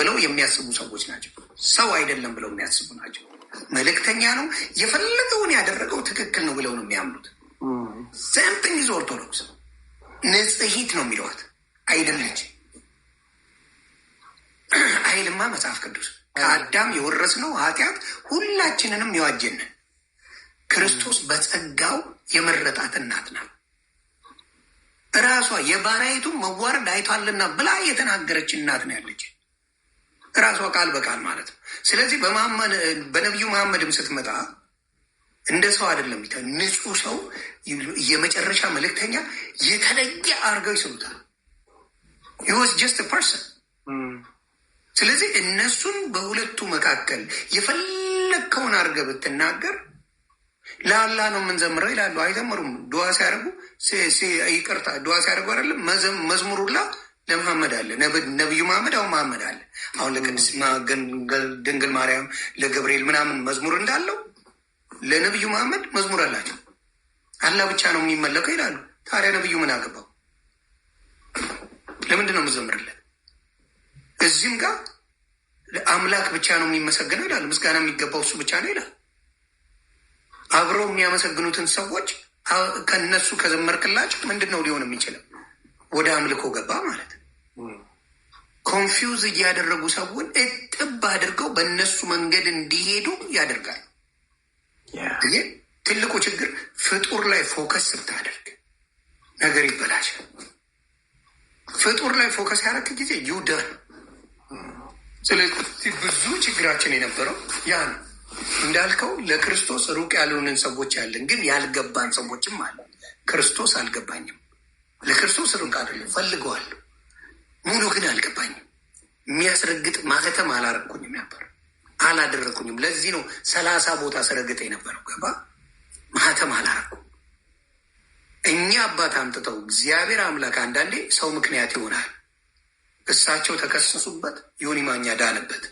ብለው የሚያስቡ ሰዎች ናቸው። ሰው አይደለም ብለው የሚያስቡ ናቸው። መልእክተኛ ነው የፈለገውን ያደረገው ትክክል ነው ብለው ነው የሚያምኑት። ሰምቲንግ ኢዝ ኦርቶዶክስ። ንጽሂት ነው የሚለዋት አይደለች አይልማ መጽሐፍ ቅዱስ ከአዳም የወረስነው ኃጢአት ሁላችንንም የዋጀንን ክርስቶስ በጸጋው የመረጣት እናት ናት። እራሷ የባሪያይቱን መዋረድ አይቷልና ብላ የተናገረች እናት ነው ያለች። ራሷ ቃል በቃል ማለት ነው። ስለዚህ በመሐመድ በነቢዩ መሐመድም ስትመጣ እንደ ሰው አይደለም። ንጹህ ሰው የመጨረሻ መልእክተኛ የተለየ አድርገው ይስሉታል። ዩስ ጀስት ፐርሰን። ስለዚህ እነሱን በሁለቱ መካከል የፈለግከውን አድርገህ ብትናገር ለአላህ ነው የምንዘምረው ይላሉ። አይዘምሩም። ድዋ ሲያደርጉ ይቅርታ፣ ድዋ ሲያደርጉ አይደለም መዝሙሩላ ለመሐመድ አለ ነቢዩ መሐመድ አሁን መሐመድ አለ አሁን ለቅድስት ድንግል ማርያም ለገብርኤል ምናምን መዝሙር እንዳለው ለነቢዩ መሐመድ መዝሙር አላቸው። አላህ ብቻ ነው የሚመለከው ይላሉ። ታዲያ ነብዩ ምን አገባው? ለምንድን ነው የምዘምርለት? እዚህም ጋር አምላክ ብቻ ነው የሚመሰግነው ይላሉ። ምስጋና የሚገባው እሱ ብቻ ነው ይላል። አብረው የሚያመሰግኑትን ሰዎች ከነሱ ከዘመርክላቸው ምንድን ነው ሊሆን የሚችለው? ወደ አምልኮ ገባ ማለት ነው። ኮንፊውዝ እያደረጉ ሰውን እጥብ አድርገው በእነሱ መንገድ እንዲሄዱ ያደርጋል። ግን ትልቁ ችግር ፍጡር ላይ ፎከስ ስታደርግ ነገር ይበላሻል። ፍጡር ላይ ፎከስ ያደረክ ጊዜ ዩደን። ስለዚህ ብዙ ችግራችን የነበረው ያ ነው። እንዳልከው ለክርስቶስ ሩቅ ያልሆንን ሰዎች ያለን፣ ግን ያልገባን ሰዎችም አለ። ክርስቶስ አልገባኝም፣ ለክርስቶስ ሩቅ አይደለም፣ ፈልገዋለሁ ሙሉ ግን አልገባኝም። የሚያስረግጥ ማህተም አላረግኩኝም ነበር አላደረግኩኝም። ለዚህ ነው ሰላሳ ቦታ ሰረግጠ የነበረው ገባ ማህተም አላረግኩ። እኛ አባት አምጥተው እግዚአብሔር አምላክ አንዳንዴ ሰው ምክንያት ይሆናል። እሳቸው ተከሰሱበት፣ ዮኒ ማኛ ዳነበት።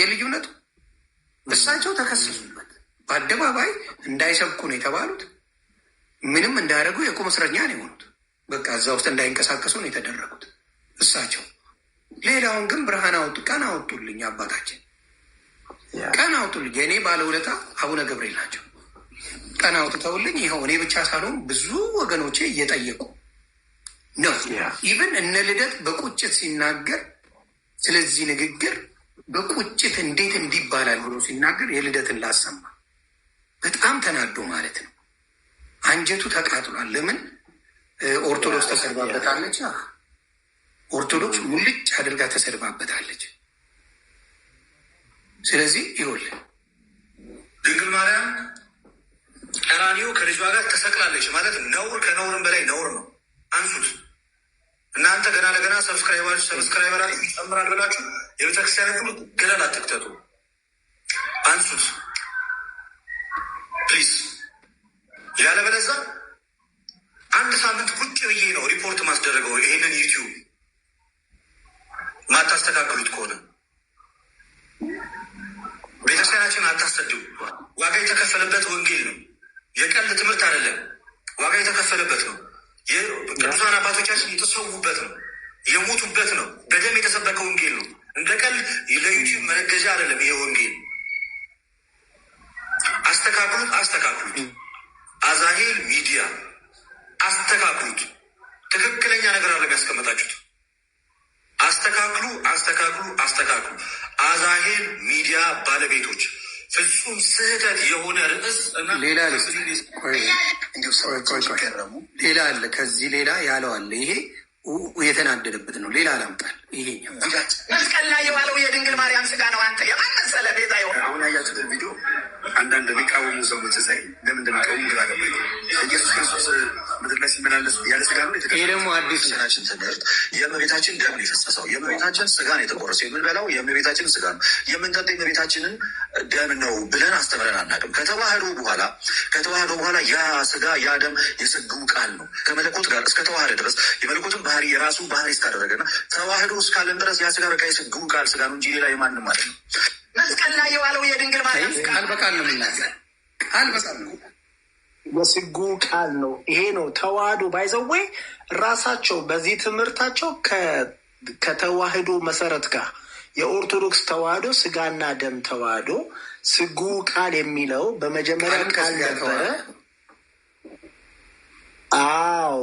የልዩነቱ እሳቸው ተከሰሱበት። በአደባባይ እንዳይሰብኩ ነው የተባሉት። ምንም እንዳያደርጉ የቁም እስረኛ ነው የሆኑት። በቃ እዛ ውስጥ እንዳይንቀሳቀሱ ነው የተደረጉት። እሳቸው። ሌላውን ግን ብርሃን አወጡ፣ ቀን አወጡልኝ። አባታችን ቀን አወጡልኝ። የእኔ ባለውለታ አቡነ ገብርኤል ናቸው። ቀን አውጥተውልኝ ይኸው እኔ ብቻ ሳልሆን ብዙ ወገኖቼ እየጠየቁ ነው። ይብን እነ ልደት በቁጭት ሲናገር ስለዚህ ንግግር በቁጭት እንዴት እንዲባላል ብሎ ሲናገር የልደትን ላሰማ በጣም ተናዶ ማለት ነው። አንጀቱ ተቃጥሏል። ለምን ኦርቶዶክስ ተሰርባበታለች። ኦርቶዶክስ ሙልጭ አድርጋ ተሰድባበታለች። ስለዚህ ይኸውልህ ድንግል ማርያም ቀራንዮ ከልጇ ጋር ተሰቅላለች ማለት ነውር ከነውርም በላይ ነውር ነው። አንሱት እናንተ ገና ለገና ሰብስክራይበር ሰብስክራይበራ ይጨምራል ብላችሁ የቤተክርስቲያን ሁሉ ገደል አትክተቱ። አንሱት ፕሊዝ። ያለበለዛ አንድ ሳምንት ቁጭ ብዬ ነው ሪፖርት ማስደረገው ይሄንን ዩቲዩብ የተከፈለበት ወንጌል ነው። የቀልድ ትምህርት አይደለም። ዋጋ የተከፈለበት ነው። ቅዱሳን አባቶቻችን የተሰዉበት ነው፣ የሞቱበት ነው። በደም የተሰበከ ወንጌል ነው። እንደ ቀልድ ለዩቲዩብ መነገጃ አይደለም። ይሄ ወንጌል አስተካክሉት፣ አስተካክሉት። አዛሄል ሚዲያ አስተካክሉት። ትክክለኛ ነገር አለ ያስቀመጣችሁት። አስተካክሉ፣ አስተካክሉ፣ አስተካክሉ። አዛሄል ሚዲያ ባለቤቶች ፍጹም ስህተት የሆነ ርዕስ ሌላ አለ። ከዚህ ሌላ ያለው አለ። ይሄ የተናደደበት ነው። ሌላ አላምጣል። ይሄኛው መስቀል ላይ የዋለው የድንግል ማርያም ስጋ ነው። አንተ የማን መሰለህ? ቤዛ የሆነ አሁን አያችሁትን ቪዲዮ አንዳንድ የሚቃወሙ ሰዎች ሳይ ለምን እንደሚቃወሙ ግራ ገባኝ። ኢየሱስ ክርስቶስ ደግሞ አዲስ ናችን ትምህርት የእመቤታችን ደም ነው የፈሰሰው። የእመቤታችን ስጋ ነው የተቆረሰው። የምንበላው የእመቤታችን ስጋ ነው፣ የምንጠጣው የእመቤታችንን ደም ነው ብለን አስተምረን አናውቅም። ከተዋህዶ በኋላ ከተዋህዶ በኋላ ያ ስጋ ያ ደም የስግው ቃል ነው ከመለኮት ጋር እስከ ተዋህደ ድረስ የመለኮትን ባህሪ የራሱ ባህሪ እስካደረገና ተዋህዶ እስካለን ድረስ ያ ስጋ በቃ የስግው ቃል ስጋ ነው እንጂ ሌላ የማንም ማለት ነው። መስቀል ላይ የዋለው የድንግል ማለት ቃል በቃል ነው። ቃል በቃል ነው። የስጉ ቃል ነው። ይሄ ነው ተዋህዶ ባይዘዌ ራሳቸው በዚህ ትምህርታቸው ከተዋህዶ መሰረት ጋር የኦርቶዶክስ ተዋህዶ ስጋና ደም ተዋህዶ ስጉ ቃል የሚለው በመጀመሪያ ቃል ነበረ። አዎ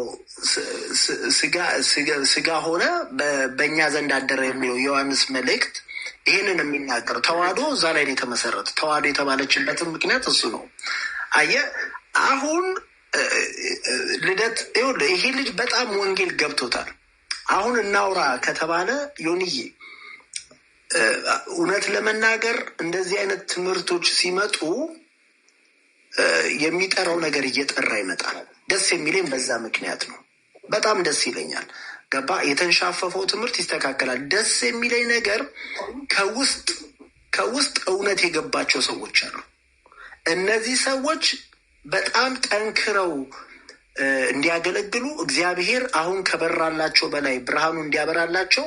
ስጋ ሆነ በእኛ ዘንድ አደረ የሚለው የዮሐንስ መልእክት ይህንን የሚናገር ተዋህዶ እዛ ላይ ነው የተመሰረተ። ተዋህዶ የተባለችበትን ምክንያት እሱ ነው። አየህ አሁን ልደት ይሄ ልጅ በጣም ወንጌል ገብቶታል። አሁን እናውራ ከተባለ ዮንዬ እውነት ለመናገር እንደዚህ አይነት ትምህርቶች ሲመጡ የሚጠራው ነገር እየጠራ ይመጣል። ደስ የሚለኝ በዛ ምክንያት ነው። በጣም ደስ ይለኛል። ገባ የተንሻፈፈው ትምህርት ይስተካከላል። ደስ የሚለኝ ነገር ከውስጥ ከውስጥ እውነት የገባቸው ሰዎች አሉ። እነዚህ ሰዎች በጣም ጠንክረው እንዲያገለግሉ እግዚአብሔር አሁን ከበራላቸው በላይ ብርሃኑ እንዲያበራላቸው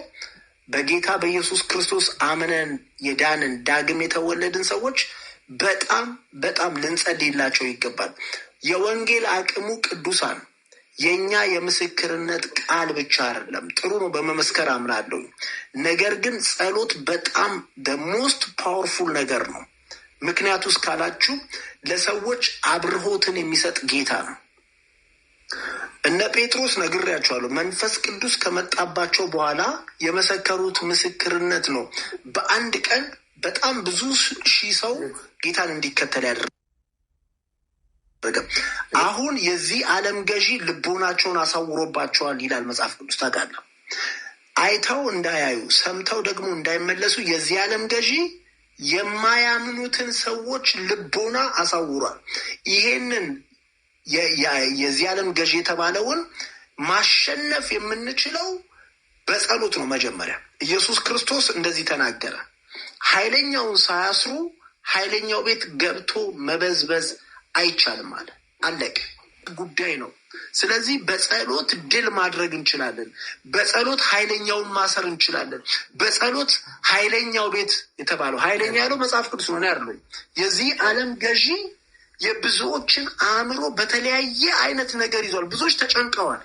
በጌታ በኢየሱስ ክርስቶስ አምነን የዳንን ዳግም የተወለድን ሰዎች በጣም በጣም ልንጸልይላቸው ይገባል። የወንጌል አቅሙ ቅዱሳን የእኛ የምስክርነት ቃል ብቻ አይደለም። ጥሩ ነው፣ በመመስከር አምናለሁ። ነገር ግን ጸሎት በጣም ደ ሞስት ፓወርፉል ነገር ነው። ምክንያቱ እስካላችሁ ለሰዎች አብርሆትን የሚሰጥ ጌታ ነው። እነ ጴጥሮስ ነግሬያቸዋለሁ። መንፈስ ቅዱስ ከመጣባቸው በኋላ የመሰከሩት ምስክርነት ነው። በአንድ ቀን በጣም ብዙ ሺህ ሰው ጌታን እንዲከተል ያደረገ። አሁን የዚህ ዓለም ገዢ ልቦናቸውን አሳውሮባቸዋል ይላል መጽሐፍ ቅዱስ። ታውቃለህ፣ አይተው እንዳያዩ ሰምተው ደግሞ እንዳይመለሱ የዚህ ዓለም ገዢ የማያምኑትን ሰዎች ልቦና አሳውሯል። ይሄንን የዚህ ዓለም ገዢ የተባለውን ማሸነፍ የምንችለው በጸሎት ነው። መጀመሪያ ኢየሱስ ክርስቶስ እንደዚህ ተናገረ። ኃይለኛውን ሳያስሩ ኃይለኛው ቤት ገብቶ መበዝበዝ አይቻልም አለ። አለቅ ጉዳይ ነው። ስለዚህ በጸሎት ድል ማድረግ እንችላለን። በጸሎት ኃይለኛውን ማሰር እንችላለን። በጸሎት ኃይለኛው ቤት የተባለው ኃይለኛ ያለው መጽሐፍ ቅዱስ ሆነ ያለ የዚህ ዓለም ገዢ የብዙዎችን አእምሮ በተለያየ አይነት ነገር ይዟል። ብዙዎች ተጨንቀዋል።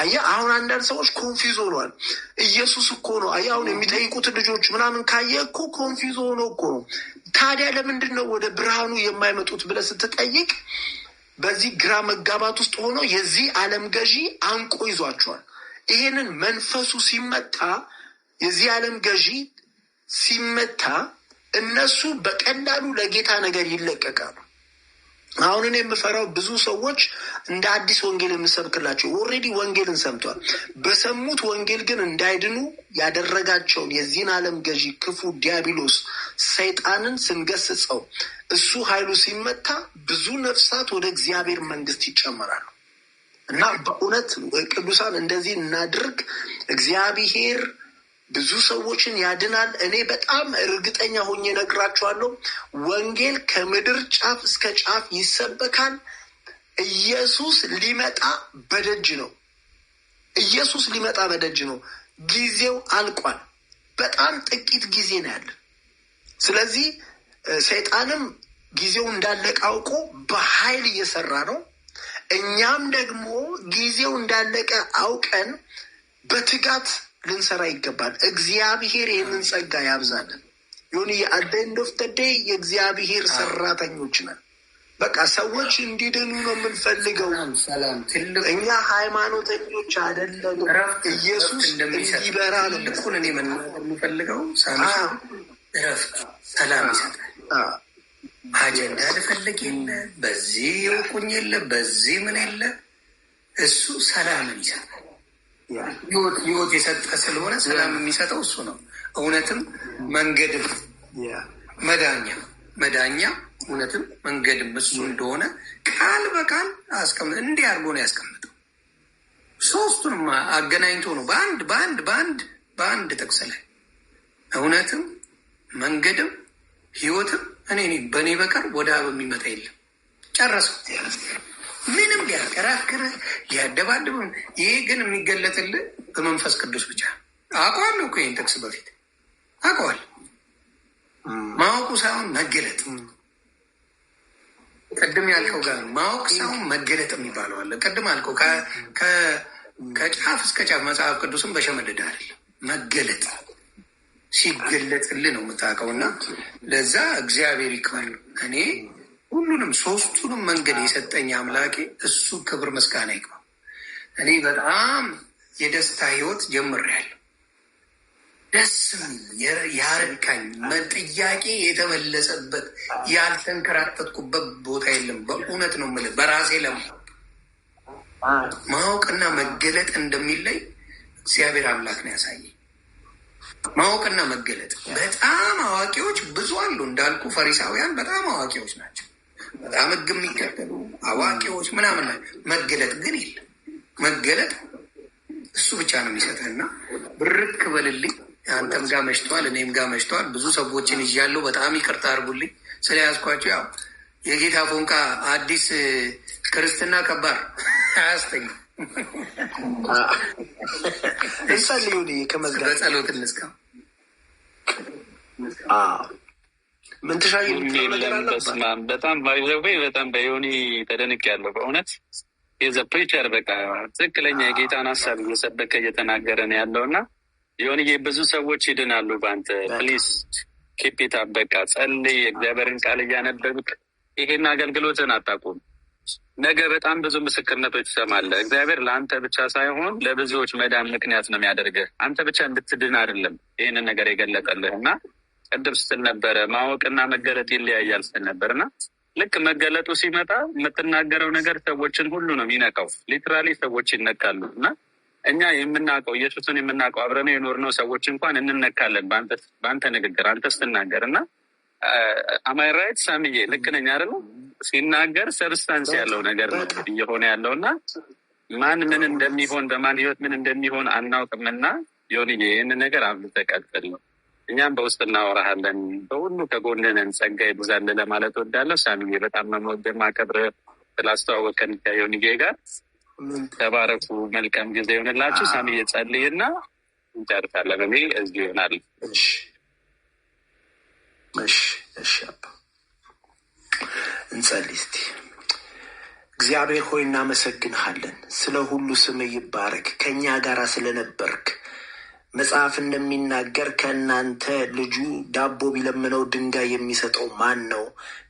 አየ አሁን አንዳንድ ሰዎች ኮንፊዝ ሆኗል። ኢየሱስ እኮ ነው አየ አሁን የሚጠይቁት ልጆች ምናምን ካየ እኮ ኮንፊዝ ሆኖ እኮ ነው። ታዲያ ለምንድን ነው ወደ ብርሃኑ የማይመጡት ብለህ ስትጠይቅ በዚህ ግራ መጋባት ውስጥ ሆኖ የዚህ ዓለም ገዢ አንቆ ይዟቸዋል። ይሄንን መንፈሱ ሲመታ የዚህ ዓለም ገዢ ሲመታ እነሱ በቀላሉ ለጌታ ነገር ይለቀቃሉ። አሁን እኔ የምፈራው ብዙ ሰዎች እንደ አዲስ ወንጌል የምሰብክላቸው ኦሬዲ ወንጌልን ሰምቷል። በሰሙት ወንጌል ግን እንዳይድኑ ያደረጋቸውን የዚህን ዓለም ገዢ ክፉ ዲያብሎስ ሰይጣንን ስንገስጸው እሱ ኃይሉ ሲመታ ብዙ ነፍሳት ወደ እግዚአብሔር መንግስት ይጨመራሉ እና በእውነት ቅዱሳን እንደዚህ እናድርግ እግዚአብሔር ብዙ ሰዎችን ያድናል። እኔ በጣም እርግጠኛ ሆኜ እነግራችኋለሁ። ወንጌል ከምድር ጫፍ እስከ ጫፍ ይሰበካል። ኢየሱስ ሊመጣ በደጅ ነው። ኢየሱስ ሊመጣ በደጅ ነው። ጊዜው አልቋል። በጣም ጥቂት ጊዜ ነው ያለ ስለዚህ ሰይጣንም ጊዜው እንዳለቀ አውቆ በኃይል እየሰራ ነው። እኛም ደግሞ ጊዜው እንዳለቀ አውቀን በትጋት ልንሰራ ይገባል። እግዚአብሔር ይህንን ጸጋ ያብዛልን። ይሁን የአደንድ ኦፍ ተዴ የእግዚአብሔር ሰራተኞች ነን። በቃ ሰዎች እንዲድኑ ነው የምንፈልገው። እኛ ሃይማኖተኞች አይደለም። ኢየሱስ እንዲበራ ነው እኔ መናገር የምፈልገው። እረፍት ሰላም ይሰጣል። አጀንዳ ልፈልግ የለ በዚህ የውቁኝ የለ በዚህ ምን የለ እሱ ሰላምን ይሰጣል። ህይወት ህይወት የሰጠ ስለሆነ ሰላም የሚሰጠው እሱ ነው። እውነትም መንገድም መዳኛ መዳኛ እውነትም መንገድም እሱ እንደሆነ ቃል በቃል አስቀምጥ እንዲህ አድርጎ ነው ያስቀምጠው። ሶስቱንም አገናኝቶ ነው በአንድ በአንድ በአንድ በአንድ ጥቅስ ላይ እውነትም መንገድም ህይወትም እኔ በእኔ በቀር ወደ አብ የሚመጣ የለም። ጨረሰው። ምንም ሊያከራክር ሊያደባድብ፣ ይሄ ግን የሚገለጥልህ በመንፈስ ቅዱስ ብቻ። አውቀዋለሁ እኮ ይህን ጥቅስ በፊት አውቀዋለሁ። ማወቁ ሳይሆን መገለጥ ቅድም ያልከው ጋር ማወቅ ሳይሆን መገለጥ የሚባለው አለ። ቅድም አልከው ከጫፍ እስከ ጫፍ መጽሐፍ ቅዱስን በሸመደድ አይደለም መገለጥ ሲገለጥልህ ነው የምታውቀው። እና ለዛ እግዚአብሔር ይክባል እኔ ሁሉንም ሶስቱንም መንገድ የሰጠኝ አምላኬ እሱ ክብር ምስጋና ይግባ። እኔ በጣም የደስታ ህይወት ጀምሬያለሁ። ደስ ያረካኝ ጥያቄ የተመለሰበት ያልተንከራተትኩበት ቦታ የለም። በእውነት ነው የምልህ በራሴ ለማ ማወቅና መገለጥ እንደሚለይ እግዚአብሔር አምላክ ነው ያሳየኝ። ማወቅና መገለጥ በጣም አዋቂዎች ብዙ አሉ እንዳልኩ፣ ፈሪሳውያን በጣም አዋቂዎች ናቸው። በጣም ህግ የሚከተሉ አዋቂዎች ምናምን መገለጥ ግን የለም። መገለጥ እሱ ብቻ ነው የሚሰጥህና ብርክ በልልኝ። አንተም ጋር መሽተዋል፣ እኔም ጋር መሽተዋል። ብዙ ሰዎችን ይዣለሁ። በጣም ይቅርታ አድርጉልኝ ስለያዝኳቸው። ያው የጌታ ፎንቃ አዲስ ክርስትና ከባድ አያስተኝ ይጸልዩን ከመዝጋ በጸሎት እንስካ ምንትሻይ በስማም በጣም ባይዘወይ በጣም በዮኒ ተደንቅ ያለው በእውነት የዘ ፕሪቸር በቃ ትክክለኛ የጌታን ሀሳብ እየሰበከ እየተናገረ ነው ያለው እና ዮኒዬ ብዙ ሰዎች ይድናሉ በአንተ ፕሊስ ኬፒታ በቃ ጸልይ፣ የእግዚአብሔርን ቃል እያነበብክ ይሄን አገልግሎትን አታቁም። ነገ በጣም ብዙ ምስክርነቶች ይሰማለ እግዚአብሔር ለአንተ ብቻ ሳይሆን ለብዙዎች መዳን ምክንያት ነው የሚያደርግህ። አንተ ብቻ እንድትድን አይደለም ይህንን ነገር የገለጠልህ እና ቅድም ስትል ነበረ ማወቅና መገለጥ ይለያያል ስትል ነበር እና ልክ መገለጡ ሲመጣ የምትናገረው ነገር ሰዎችን ሁሉ ነው የሚነካው። ሊትራሊ ሰዎች ይነካሉ እና እኛ የምናውቀው ኢየሱስን የምናውቀው አብረነው የኖርነው ሰዎች እንኳን እንነካለን በአንተ ንግግር፣ አንተ ስትናገር እና አማይ ራይት ሳምዬ ልክ ነኝ አይደለ? ሲናገር ሰብስታንስ ያለው ነገር ነው እየሆነ ያለው እና ማን ምን እንደሚሆን በማን ህይወት ምን እንደሚሆን አናውቅምና የሆን ይህን ነገር አብልተህ ነው እኛም በውስጥ እናወራሃለን። በሁሉ ከጎንነን ጸጋ ይብዛልን ለማለት ወዳለሁ። ሳሚ በጣም መመወደ ማከብረ ስላስተዋወቀን ከዮንጌ ጋር ተባረኩ። መልካም ጊዜ ይሆንላችሁ። ሳሚዬ ጸልይና እንጨርሳለን። እኔ እዚህ ይሆናል። እንጸልይ እስቲ። እግዚአብሔር ሆይ እናመሰግንሃለን። ስለ ሁሉ ስም ይባረክ። ከእኛ ጋር ስለነበርክ መጽሐፍ እንደሚናገር ከእናንተ ልጁ ዳቦ ቢለምነው ድንጋይ የሚሰጠው ማን ነው?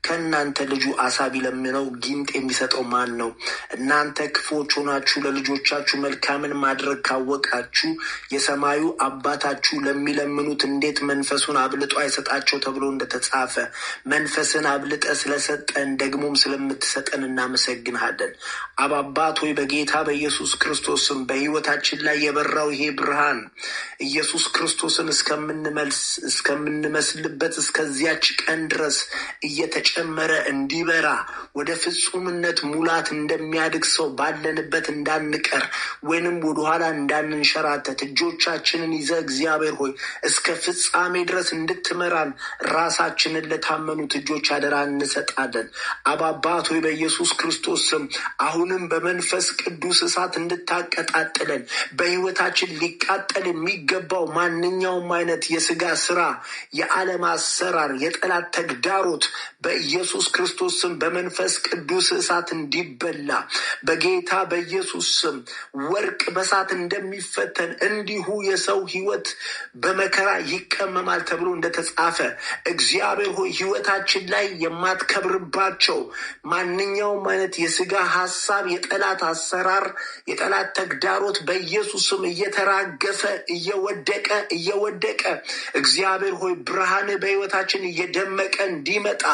ከእናንተ ልጁ አሳ ቢለምነው ጊንጥ የሚሰጠው ማን ነው? እናንተ ክፎች ሆናችሁ ለልጆቻችሁ መልካምን ማድረግ ካወቃችሁ የሰማዩ አባታችሁ ለሚለምኑት እንዴት መንፈሱን አብልጦ አይሰጣቸው ተብሎ እንደተጻፈ መንፈስን አብልጠ ስለሰጠን ደግሞም ስለምትሰጠን እናመሰግንሃለን። አባባት ሆይ በጌታ በኢየሱስ ክርስቶስም በሕይወታችን ላይ የበራው ይሄ ብርሃን ኢየሱስ ክርስቶስን እስከምንመስልበት እስከዚያች ቀን ድረስ እየተጨ እየጨመረ እንዲበራ ወደ ፍጹምነት ሙላት እንደሚያድግ ሰው ባለንበት እንዳንቀር ወይንም ወደኋላ እንዳንንሸራተት እጆቻችንን ይዘ እግዚአብሔር ሆይ እስከ ፍጻሜ ድረስ እንድትመራን ራሳችንን ለታመኑት እጆች አደራ እንሰጣለን። አባባት በኢየሱስ ክርስቶስ ስም አሁንም በመንፈስ ቅዱስ እሳት እንድታቀጣጥለን በህይወታችን ሊቃጠል የሚገባው ማንኛውም አይነት የስጋ ስራ፣ የዓለም አሰራር፣ የጠላት ተግዳሮት በ በኢየሱስ ክርስቶስ ስም በመንፈስ ቅዱስ እሳት እንዲበላ በጌታ በኢየሱስ ስም ወርቅ በእሳት እንደሚፈተን እንዲሁ የሰው ህይወት በመከራ ይቀመማል ተብሎ እንደተጻፈ እግዚአብሔር ሆይ ህይወታችን ላይ የማትከብርባቸው ማንኛውም አይነት የስጋ ሀሳብ፣ የጠላት አሰራር፣ የጠላት ተግዳሮት በኢየሱስ ስም እየተራገፈ እየወደቀ እየወደቀ እግዚአብሔር ሆይ ብርሃን በህይወታችን እየደመቀ እንዲመጣ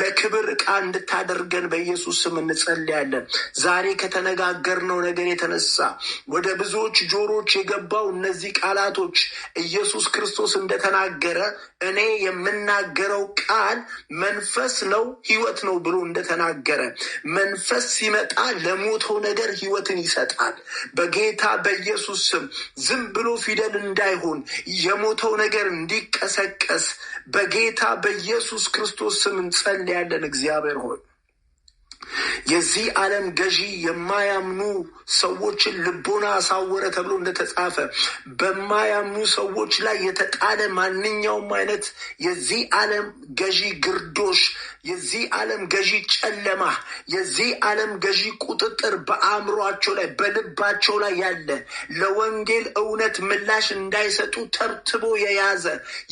ለክብር ዕቃ እንድታደርገን በኢየሱስ ስም እንጸልያለን። ዛሬ ከተነጋገርነው ነገር የተነሳ ወደ ብዙዎች ጆሮች የገባው እነዚህ ቃላቶች ኢየሱስ ክርስቶስ እንደተናገረ እኔ የምናገረው ቃል መንፈስ ነው፣ ህይወት ነው ብሎ እንደተናገረ መንፈስ ሲመጣ ለሞተው ነገር ህይወትን ይሰጣል። በጌታ በኢየሱስ ስም ዝም ብሎ ፊደል እንዳይሆን የሞተው ነገር እንዲቀሰቀስ በጌታ በኢየሱስ ክርስቶስ ስም እንጸልያለን። እግዚአብሔር ሆይ የዚህ ዓለም ገዢ የማያምኑ ሰዎችን ልቦና አሳወረ ተብሎ እንደተጻፈ በማያምኑ ሰዎች ላይ የተጣለ ማንኛውም አይነት የዚህ ዓለም ገዢ ግርዶሽ፣ የዚህ ዓለም ገዢ ጨለማ፣ የዚህ ዓለም ገዢ ቁጥጥር በአእምሯቸው ላይ በልባቸው ላይ ያለ ለወንጌል እውነት ምላሽ እንዳይሰጡ ተብትቦ የያዘ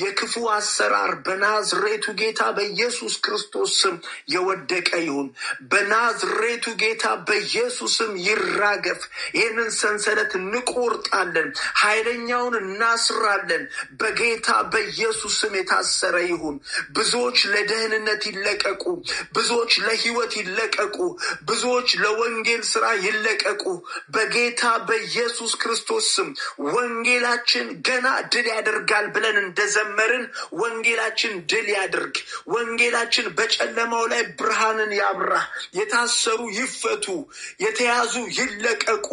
የክፉ አሰራር በናዝሬቱ ጌታ በኢየሱስ ክርስቶስ ስም የወደቀ ይሁን። በናዝሬቱ ጌታ በኢየሱስም ይራገፍ። ይህንን ሰንሰለት እንቆርጣለን፣ ኃይለኛውን እናስራለን። በጌታ በኢየሱስም የታሰረ ይሁን። ብዙዎች ለደህንነት ይለቀቁ፣ ብዙዎች ለህይወት ይለቀቁ፣ ብዙዎች ለወንጌል ስራ ይለቀቁ። በጌታ በኢየሱስ ክርስቶስ ስም ወንጌላችን ገና ድል ያደርጋል ብለን እንደዘመርን ወንጌላችን ድል ያደርግ። ወንጌላችን በጨለማው ላይ ብርሃንን ያብራ። የታሰሩ ይፈቱ፣ የተያዙ ይለቀቁ